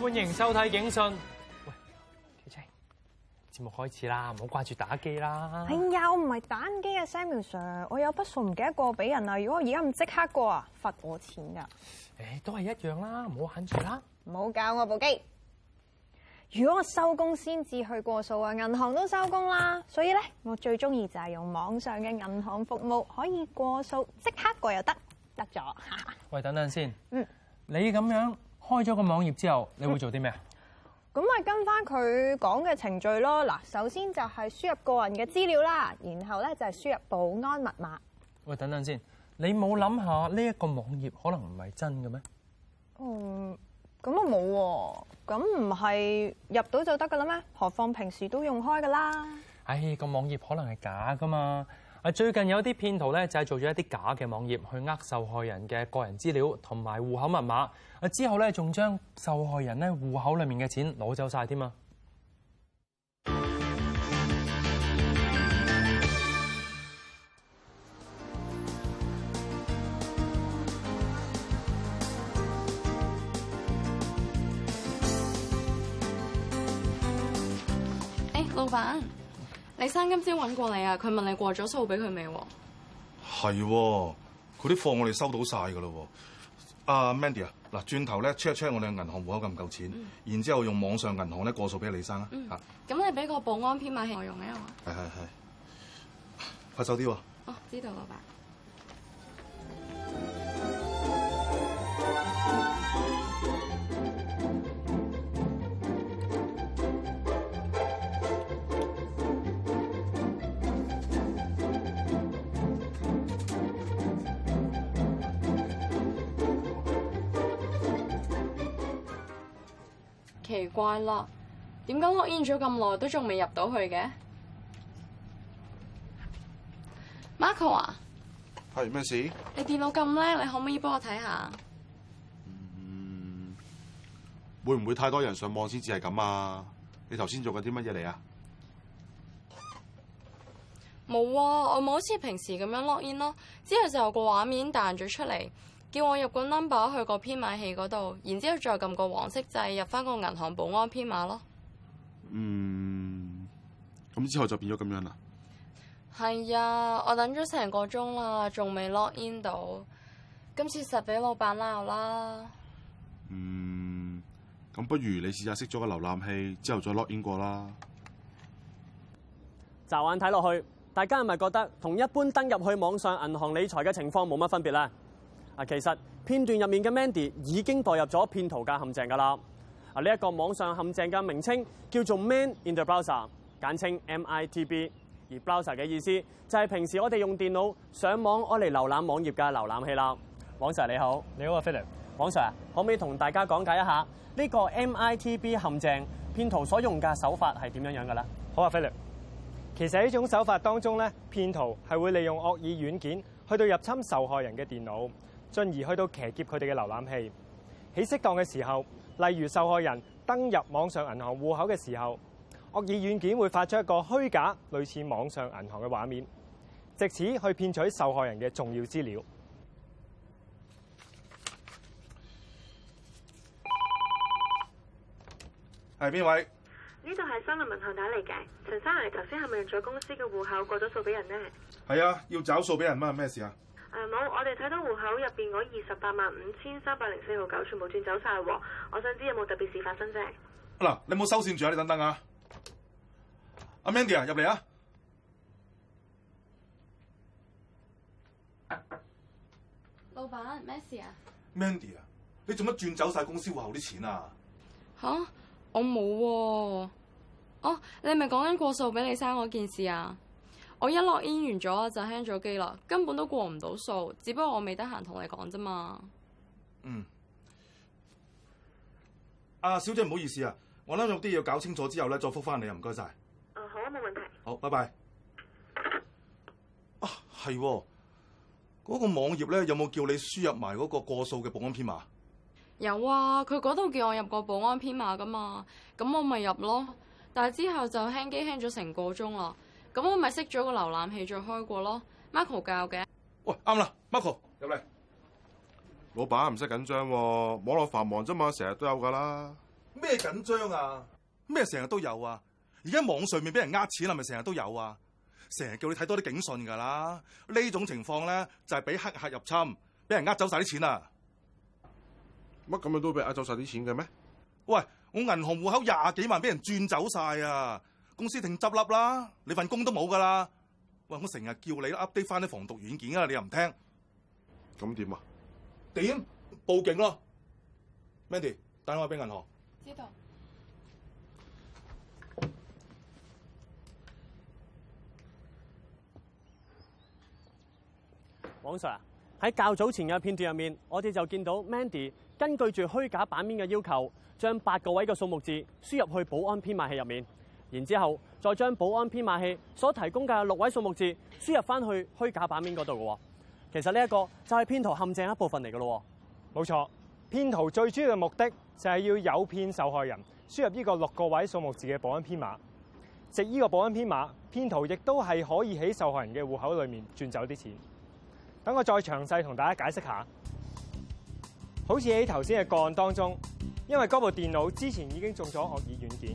歡迎收睇警訊。開始啦，唔好掛住打機啦。哎呀、啊，我唔係打機啊，Samuel Sir，我有筆數唔記得過俾人啦。如果我而家唔即刻過啊，罰我錢噶。誒、哎，都係一樣啦，唔好玩住啦。唔好搞我部機。如果我收工先至去過數啊，銀行都收工啦。所以咧，我最中意就係用網上嘅銀行服務，可以過數即刻過又得，得咗。喂，等等先。嗯。你咁樣開咗個網頁之後，你會做啲咩啊？嗯咁咪跟翻佢講嘅程序咯。嗱，首先就係輸入個人嘅資料啦，然後咧就係輸入保安密碼。喂，等等先，你冇諗下呢一個網頁可能唔係真嘅咩？嗯，咁我冇喎，咁唔係入到就得噶啦咩？何況平時都用開噶啦。唉、哎，個網頁可能係假噶嘛。最近有啲騙徒咧製造咗一啲假嘅網頁去呃受害人嘅個人資料同埋戶口密碼，啊之後咧仲將受害人咧戶口裏面嘅錢攞走晒添啊！誒、哎，老闆。李生，今朝揾過你啊，佢問你過咗數俾佢未？係、啊，佢啲貨我哋收到晒噶啦。阿、uh, Mandy 啊，嗱，轉頭咧 check 一 check 我哋嘅銀行戶口夠唔夠錢，嗯、然之後用網上銀行咧過數俾李生、嗯、啊。嗯。咁你俾個保安編碼器我用啊？係係係，快手啲。手一點啊、哦，知道啦，爸。奇怪啦，點解 lock in 咗咁耐都仲未入到去嘅？Marco 啊，係咩事？你電腦咁叻，你可唔可以幫我睇下？嗯，會唔會太多人上網先至係咁啊？你頭先做緊啲乜嘢嚟啊？冇啊，我冇好似平時咁樣 lock in 咯，之後就有個畫面彈咗出嚟。叫我入個 number 去個編碼器嗰度，然之後再撳個黃色掣，入翻個銀行保安編碼咯。嗯，咁之後就變咗咁樣啦。係啊，我等咗成個鐘啦，仲未 log in 到。今次實俾老闆鬧啦。嗯，咁不如你試下熄咗個瀏覽器之後再 log in 過啦。乍眼睇落去，大家係咪覺得同一般登入去網上銀行理財嘅情況冇乜分別啦？啊，其實片段入面嘅 Mandy 已經代入咗騙徒嘅陷阱㗎啦。啊，呢一個網上陷阱嘅名稱叫做 Man in the Browser，簡稱 M I T B。而 Browser 嘅意思就係平時我哋用電腦上網，我嚟瀏覽網頁嘅瀏覽器啦。王 Sir 你好，你好，Philip 啊。王 Sir 可唔可以同大家講解一下呢個 M I T B 陷阱騙徒所用嘅手法係點樣樣嘅咧？好啊，Philip。其實呢種手法當中咧，騙徒係會利用惡意軟件去到入侵受害人嘅電腦。進而去到騎劫佢哋嘅瀏覽器，喺適當嘅時候，例如受害人登入網上銀行戶口嘅時候，惡意軟件會發出一個虛假類似網上銀行嘅畫面，藉此去騙取受害人嘅重要資料。係邊位？呢度係新力銀行打嚟嘅，陳生你頭先係咪用咗公司嘅戶口過咗數俾人呢？係啊，要找數俾人啊？咩事啊？誒，冇、啊，我哋睇到戶口入邊嗰二十八萬五千三百零四號九全部轉走晒，我想知道有冇特別事發生啫？嗱、啊，你冇收線住啊，你等等啊。阿 Mandy 啊，入嚟啊。老闆、啊，咩事啊？Mandy 啊，啊，你做乜轉走晒公司戶口啲錢啊？吓，我冇。哦，你係咪講緊過數俾你生我件事啊？我一落煙完咗就輕咗機啦，根本都過唔到數，只不過我未得閒同你講啫嘛。嗯。阿小姐唔好意思啊，我諗有啲嘢搞清楚之後咧，再復翻你啊，唔該晒。啊，好啊，冇問題。好，拜拜。啊，係、啊，嗰、嗰個網頁咧有冇叫你輸入埋嗰個過數嘅保安編碼？有啊，佢嗰度叫我入個保安編碼噶嘛，咁我咪入咯，但係之後就輕機輕咗成個鐘啦。咁我咪熄咗個瀏覽器再開過咯，Marco 教嘅。喂，啱啦，Marco 入嚟。老闆唔使緊張，網絡繁忙啫嘛，成日都有噶啦。咩緊張啊？咩成日都有啊？而家網上面俾人呃錢係咪成日都有啊？成日叫你睇多啲警訊噶啦。呢種情況咧就係俾黑客入侵，俾人呃走晒啲錢啊。乜咁樣都俾呃走晒啲錢嘅咩？喂，我銀行戶口廿幾萬俾人轉走晒啊！公司停執笠啦，你份工都冇噶啦。喂，我成日叫你 update 翻啲防毒軟件啊，你又唔聽。咁點啊？點？報警咯。Mandy，打電話俾銀行。知道。黃 Sir 喺較早前嘅片段入面，我哋就見到 Mandy 根據住虛假版面嘅要求，將八個位嘅數目字輸入去保安編碼器入面。然之後，再將保安編碼器所提供嘅六位數目字輸入翻去虛假版面嗰度嘅喎。其實呢一個就係騙徒陷阱一部分嚟嘅咯。冇錯，騙徒最主要嘅目的就係要誘騙受害人輸入呢個六個位數目字嘅保安編碼。藉呢個保安編碼，騙徒亦都係可以喺受害人嘅戶口裡面轉走啲錢。等我再詳細同大家解釋下。好似喺頭先嘅個案當中，因為嗰部電腦之前已經中咗惡意軟件。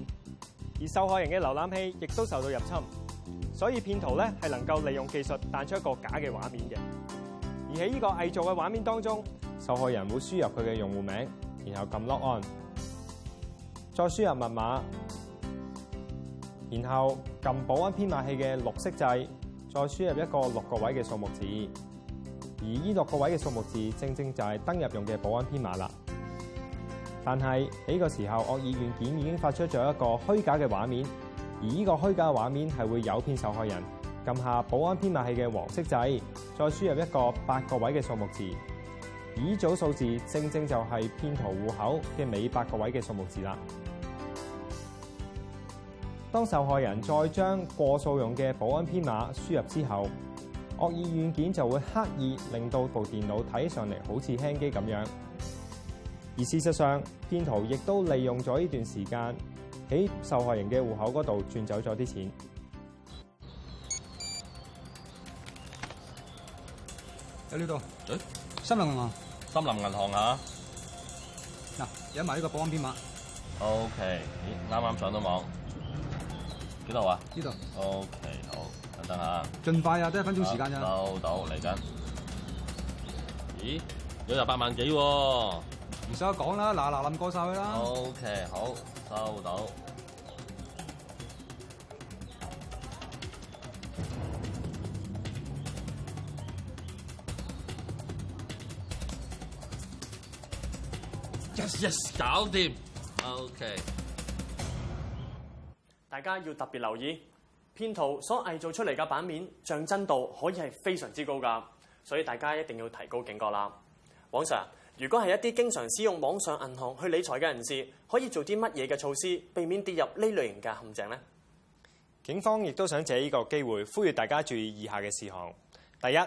而受害人嘅瀏覽器亦都受到入侵，所以騙徒咧係能夠利用技術彈出一個假嘅畫面嘅。而喺呢個偽造嘅畫面當中，受害人會輸入佢嘅用戶名，然後撳 lock on，再輸入密碼，然後撳保安編碼器嘅綠色掣，再輸入一個六個位嘅數目字，而呢六個位嘅數目字正正就係登入用嘅保安編碼啦。但係呢個時候，惡意軟件已經發出咗一個虛假嘅畫面，而呢個虛假嘅畫面係會誘騙受害人撳下保安編碼器嘅黃色掣，再輸入一個八個位嘅數目字。而呢組數字正正就係騙徒戶口嘅尾八個位嘅數目字啦。當受害人再將過數用嘅保安編碼輸入之後，惡意軟件就會刻意令到部電腦睇上嚟好似輕機咁樣。而事實上，騙徒亦都利用咗呢段時間喺受害人嘅戶口嗰度轉走咗啲錢。有呢度。誒、欸，森林銀行。森林銀行啊？嗱，而家呢個保安編碼。O K，咦，啱啱上到網。幾度啊？呢度裡。O、okay, K，好，等等啊。盡快啊，得一分鐘時間咋。收到，嚟緊。咦，有廿八萬幾喎、啊？唔使講啦，嗱嗱冧過晒佢啦。OK，好，收到。Yes yes，搞掂。OK，大家要特別留意，騙徒所偽造出嚟嘅版面，像真度可以係非常之高噶，所以大家一定要提高警覺啦。往常。如果係一啲經常使用網上銀行去理財嘅人士，可以做啲乜嘢嘅措施，避免跌入呢類型嘅陷阱呢？警方亦都想借呢個機會，呼籲大家注意以下嘅事項：第一，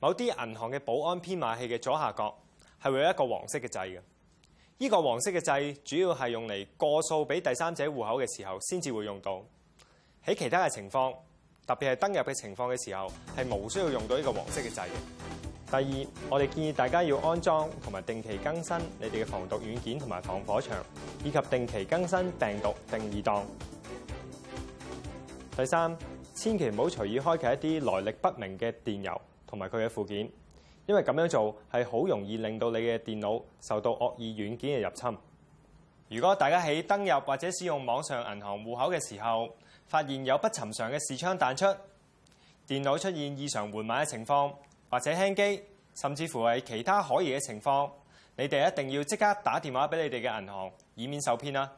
某啲銀行嘅保安編碼器嘅左下角係會有一個黃色嘅掣嘅。呢個黃色嘅掣主要係用嚟過數俾第三者戶口嘅時候先至會用到。喺其他嘅情況，特別係登入嘅情況嘅時候，係無需要用到呢個黃色嘅掣嘅。第二，我哋建議大家要安裝同埋定期更新你哋嘅防毒軟件同埋防火牆，以及定期更新病毒定義檔。第三，千祈唔好隨意開啟一啲來歷不明嘅電郵同埋佢嘅附件，因為咁樣做係好容易令到你嘅電腦受到惡意軟件嘅入侵。如果大家喺登入或者使用網上銀行戶口嘅時候，發現有不尋常嘅視窗彈出，電腦出現異常緩慢嘅情況。或者輕機，甚至乎係其他可疑嘅情況，你哋一定要即刻打電話俾你哋嘅銀行，以免受騙啦、啊。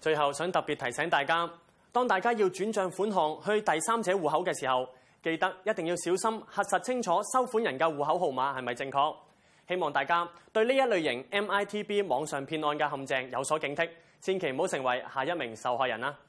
最後想特別提醒大家，當大家要轉帳款項去第三者戶口嘅時候，記得一定要小心核實清楚收款人嘅戶口號碼係咪正確。希望大家對呢一類型 MITB 網上騙案嘅陷阱有所警惕，千祈唔好成為下一名受害人啦、啊。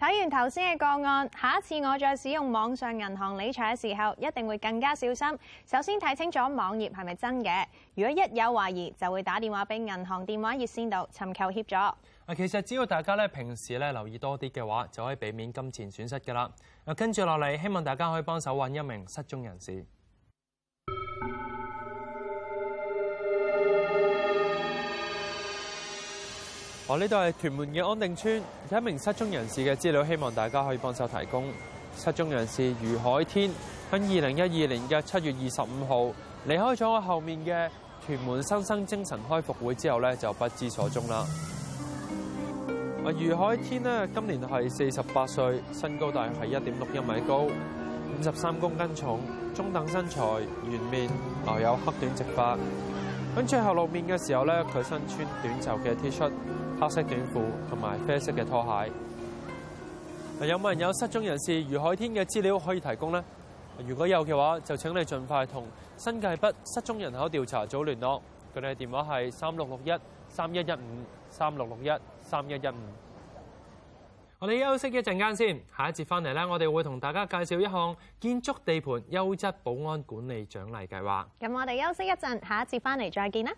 睇完頭先嘅個案，下一次我再使用網上銀行理財嘅時候，一定會更加小心。首先睇清楚網頁係咪真嘅，如果一有懷疑，就會打電話俾銀行電話熱線度尋求協助。啊，其實只要大家咧平時咧留意多啲嘅話，就可以避免金錢損失㗎喇。啊，跟住落嚟，希望大家可以幫手搵一名失蹤人士。我呢度係屯門嘅安定村，有一名失蹤人士嘅資料，希望大家可以幫手提供。失蹤人士余海天喺二零一二年嘅七月二十五號離開咗我後面嘅屯門新生精神開復會之後呢，就不知所蹤啦。啊，余海天呢，今年係四十八歲，身高大概係一點六一米高，五十三公斤重，中等身材，圓面，留有黑短直髮。喺最後露面嘅時候呢，佢身穿短袖嘅 T 恤。黑色短褲同埋啡色嘅拖鞋。有冇人有失蹤人士余海天嘅資料可以提供呢？如果有嘅話，就請你盡快同新界北失蹤人口調查組聯絡。佢哋嘅電話係三六六一三一一五三六六一三一一五。我哋休息一陣間先，下一節翻嚟咧，我哋會同大家介紹一項建築地盤優質保安管理獎勵計劃。咁我哋休息一陣，下一節翻嚟，再見啦。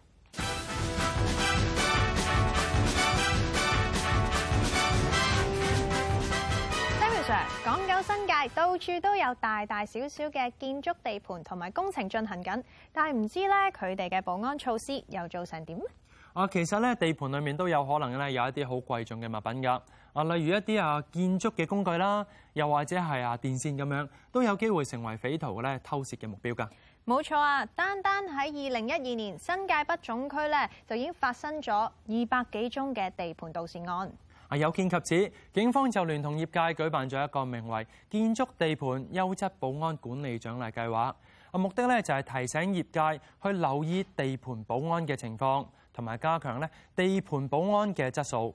港九新界，到處都有大大小小嘅建築地盤同埋工程進行緊，但係唔知咧佢哋嘅保安措施又做成點咧？啊，其實咧地盤裏面都有可能咧有一啲好貴重嘅物品噶。啊，例如一啲啊建築嘅工具啦，又或者係啊電線咁樣，都有機會成為匪徒咧偷竊嘅目標噶。冇錯啊，單單喺二零一二年新界北總區咧就已經發生咗二百幾宗嘅地盤盜竊案。有見及此，警方就聯同業界舉辦咗一個名為《建築地盤優質保安管理獎勵計劃》，啊，目的咧就係提醒業界去留意地盤保安嘅情況，同埋加強咧地盤保安嘅質素。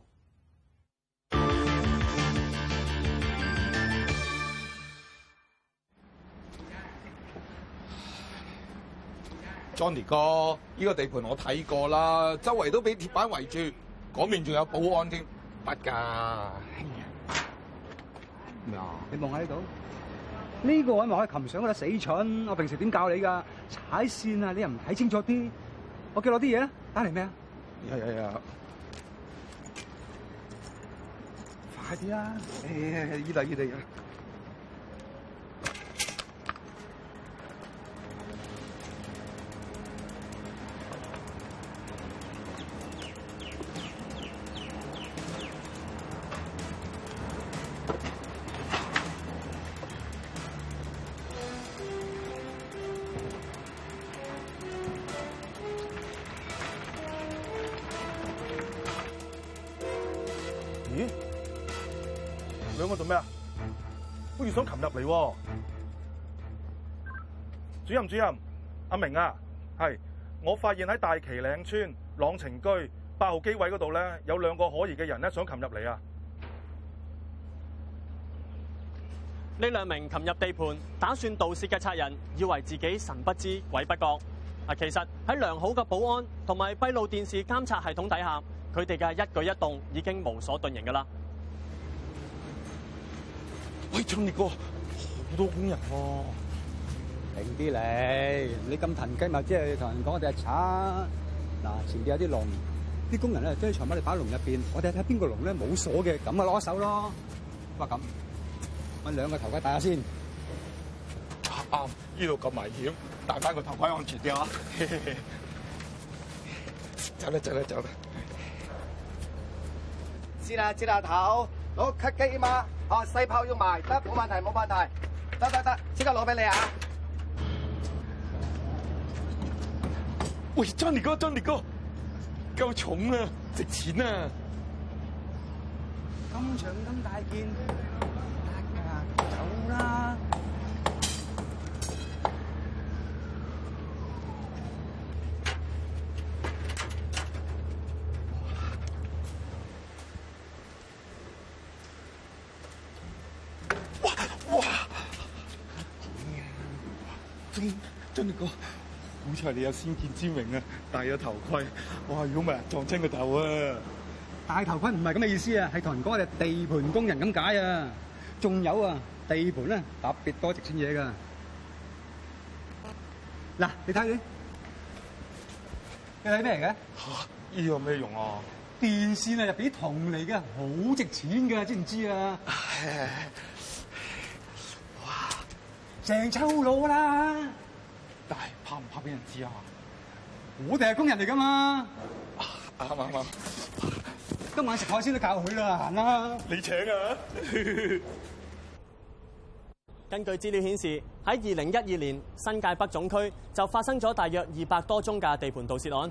Johnny 哥，呢個地盤我睇過啦，周圍都俾鐵板圍住，嗰面仲有保安添。乜噶？你望喺度，呢個我望喺琴上嗰死蠢。我平時點教你噶？踩線啊，你又唔睇清楚啲。我叫落啲嘢啊，打嚟咩啊？呀呀呀！快啲啊！哎依度依度依度。咦，兩個做咩啊？好似想擒入嚟喎！主任，主任，阿明啊，係，我發現喺大旗嶺村朗晴居八號機位嗰度咧，有兩個可疑嘅人咧，想擒入嚟啊！呢兩名擒入地盤打算盜竊嘅賊人，以為自己神不知鬼不覺啊，其實喺良好嘅保安同埋閉路電視監察系統底下。佢哋嘅一舉一動已經無所遁形噶啦！喂，創業哥，好多工人喎，停啲嚟！你咁騰雞咪，即係同人講我哋係賊。嗱，前邊有啲籠，啲工人咧將啲長毛嚟擺喺籠入邊。我哋睇下邊個籠咧冇鎖嘅，咁啊攞一手咯。哇，咁搵兩個頭盔戴下先。啱，呢度咁危險，戴翻個頭盔安全啲啊！走啦，走啦，走啦！知啦知啦，頭，攞吉吉嘛，哦細炮要賣得，冇問題冇問題，得得得，即刻攞俾你啊！喂，張力哥，張力哥夠，夠重啊，值錢啊咁長咁大件！俊哥，好彩你有先見之明啊！戴咗頭盔，哇！如果唔係撞親個頭啊！戴頭盔唔係咁嘅意思啊，係同人講就地盤工人咁解啊！仲有啊，地盤咧特別多值錢嘢噶。嗱，你睇，佢，你睇咩嚟嘅？吓？呢個咩用啊？電線啊，入邊啲銅嚟嘅，好值錢嘅，知唔知啊？哇！成抽佬啦～但係怕唔怕俾人知啊？我哋係工人嚟㗎嘛？啱唔啱？今晚食海鮮都教佢啦，行啦！你請啊！根據資料顯示，喺二零一二年，新界北總區就發生咗大約二百多宗嘅地盤盜竊案。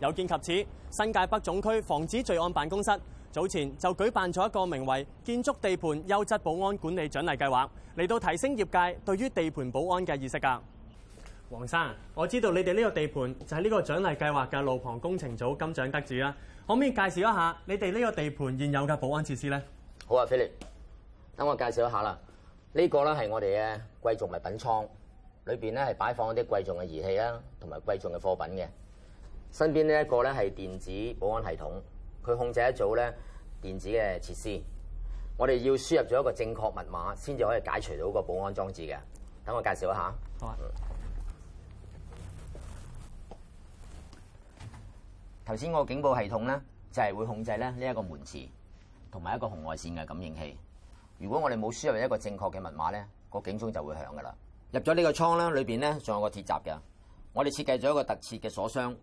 有見及此，新界北總區防止罪案辦公室早前就舉辦咗一個名為《建築地盤優質保安管理獎勵計劃》，嚟到提升業界對於地盤保安嘅意識㗎。黃生，我知道你哋呢個地盤就係呢個獎勵計劃嘅路旁工程組金獎得主啊。可唔可以介紹一下你哋呢個地盤現有嘅保安設施咧？好啊，菲力，等我介紹一下啦。呢個咧係我哋嘅貴重物品倉，裏邊咧係擺放一啲貴重嘅儀器啊，同埋貴重嘅貨品嘅。身邊呢一個咧係電子保安系統，佢控制一組咧電子嘅設施。我哋要輸入咗一個正確密碼先至可以解除到個保安裝置嘅。等我介紹一下。好啊。頭先個警報系統咧，就係會控制咧呢一個門匙同埋一個紅外線嘅感應器。如果我哋冇輸入一個正確嘅密碼咧，個警鐘就會響噶啦。入咗呢個倉咧，裏邊咧仲有個鐵閘嘅。我哋設計咗一個特設嘅鎖箱，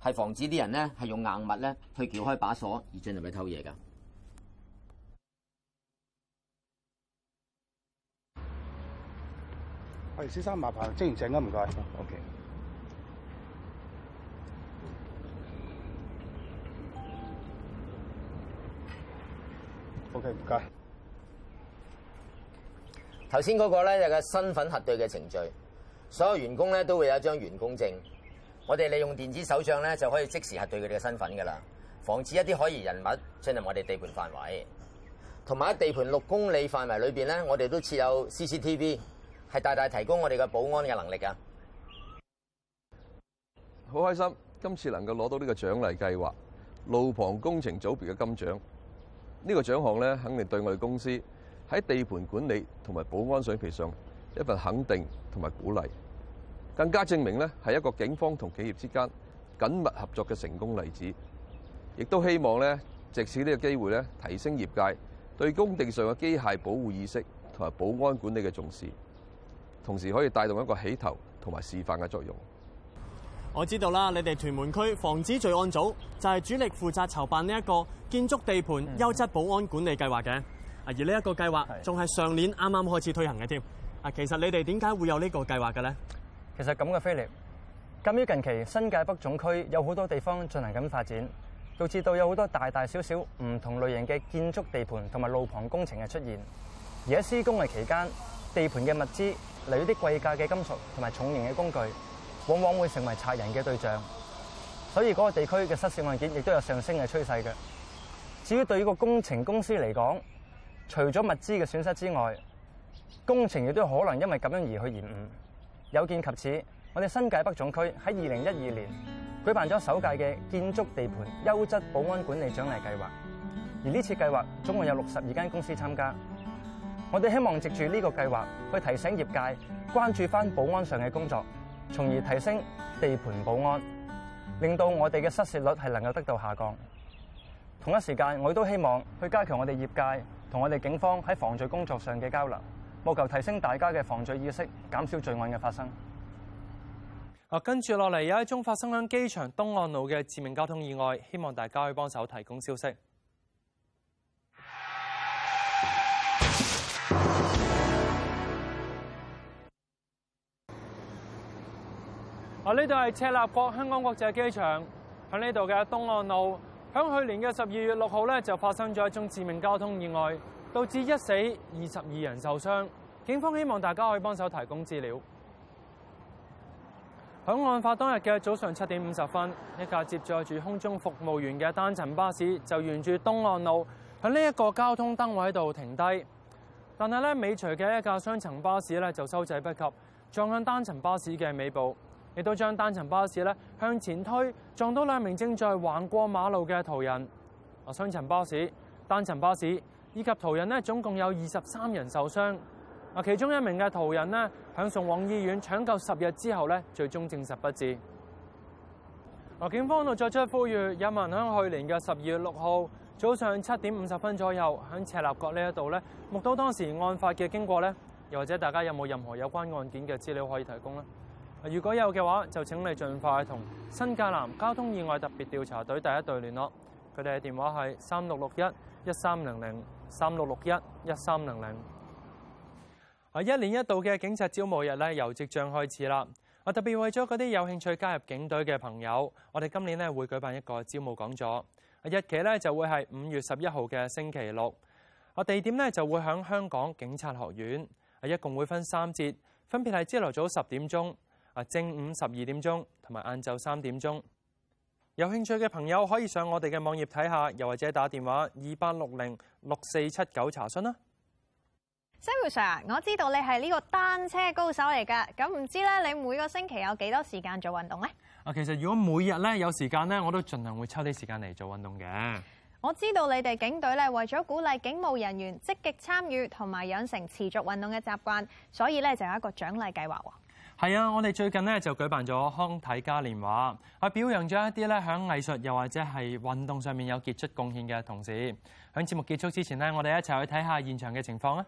係防止啲人咧係用硬物咧去撬開把鎖而進入去偷嘢㗎。喂，先生，麻煩職員整緊，唔該。OK。OK，唔該。頭先嗰個咧有個身份核對嘅程序，所有員工咧都會有一張員工證，我哋利用電子手帳咧就可以即時核對佢哋嘅身份噶啦，防止一啲可疑人物進入我哋地盤範圍。同埋喺地盤六公里範圍裏邊咧，我哋都設有 CCTV，係大大提高我哋嘅保安嘅能力噶。好開心，今次能夠攞到呢個獎勵計劃路旁工程組別嘅金獎。呢個獎項咧，肯定對我哋公司喺地盤管理同埋保安水平上一份肯定同埋鼓勵，更加證明咧係一個警方同企業之間緊密合作嘅成功例子，亦都希望咧藉此呢個機會咧提升業界對工地上嘅機械保護意識同埋保安管理嘅重視，同時可以帶動一個起頭同埋示範嘅作用。我知道啦，你哋屯門區防止罪案組就係主力負責籌辦呢一個建築地盤優質保安管理計劃嘅。啊，而呢一個計劃仲係上年啱啱開始推行嘅添啊，其實你哋點解會有呢個計劃嘅咧？其實咁嘅飛力，鑑於近期新界北總區有好多地方進行緊發展，導致到有好多大大小小唔同類型嘅建築地盤同埋路旁工程嘅出現。而喺施工嘅期間，地盤嘅物資例如啲貴價嘅金屬同埋重型嘅工具。往往會成為賊人嘅對象，所以嗰個地區嘅失竊案件亦都有上升嘅趨勢嘅。至於對呢個工程公司嚟講，除咗物資嘅損失之外，工程亦都可能因為咁樣而去延誤。有見及此，我哋新界北總區喺二零一二年舉辦咗首屆嘅建築地盤優質保安管理獎勵計劃，而呢次計劃總共有六十二間公司參加。我哋希望藉住呢個計劃去提醒業界關注翻保安上嘅工作。從而提升地盤保安，令到我哋嘅失竊率係能夠得到下降。同一時間，我亦都希望去加強我哋業界同我哋警方喺防罪工作上嘅交流，務求提升大家嘅防罪意識，減少罪案嘅發生。啊，跟住落嚟有一宗發生喺機場東岸路嘅致命交通意外，希望大家可以幫手提供消息。啊，呢度係赤鱲角香港國際機場，喺呢度嘅東岸路。喺去年嘅十二月六號咧，就發生咗一宗致命交通意外，導致一死二十二人受傷。警方希望大家可以幫手提供資料。喺案發當日嘅早上七點五十分，一架接載住空中服務員嘅單層巴士就沿住東岸路喺呢一個交通燈位度停低，但係咧，尾隨嘅一架雙層巴士咧就收掣不及，撞向單層巴士嘅尾部。亦都將單層巴士咧向前推，撞到兩名正在橫過馬路嘅途人。啊，雙層巴士、單層巴士以及途人咧，總共有二十三人受傷。啊，其中一名嘅途人咧，響送往醫院搶救十日之後咧，最終證實不治。啊，警方又作出呼籲，有冇人響去年嘅十二月六號早上七點五十分左右，響赤鱲角呢一度咧，目睹當時案發嘅經過呢，又或者大家有冇任何有關案件嘅資料可以提供咧？如果有嘅話，就請你盡快同新界南交通意外特別調查隊第一隊聯絡。佢哋嘅電話係三六六一一三零零三六六一一三零零。啊！一年一度嘅警察招募日咧，由即將開始啦。啊，特別為咗嗰啲有興趣加入警隊嘅朋友，我哋今年咧會舉辦一個招募講座。啊，日期咧就會係五月十一號嘅星期六。啊，地點呢就會喺香港警察學院。啊，一共會分三節，分別係朝頭早十點鐘。啊，正午十二點鐘同埋晏晝三點鐘，有興趣嘅朋友可以上我哋嘅網頁睇下，又或者打電話二八六零六四七九查詢啦。Sir，我知道你係呢個單車高手嚟噶，咁唔知咧你每個星期有幾多時間做運動呢？啊，其實如果每日咧有時間咧，我都盡量會抽啲時間嚟做運動嘅。我知道你哋警隊咧，為咗鼓勵警務人員積極參與同埋養成持續運動嘅習慣，所以咧就有一個獎勵計劃喎。係啊，我哋最近呢就舉辦咗康體嘉年華，係表揚咗一啲喺藝術又或者係運動上面有傑出貢獻嘅同事。喺節目結束之前呢，我哋一齊去睇下現場嘅情況啊。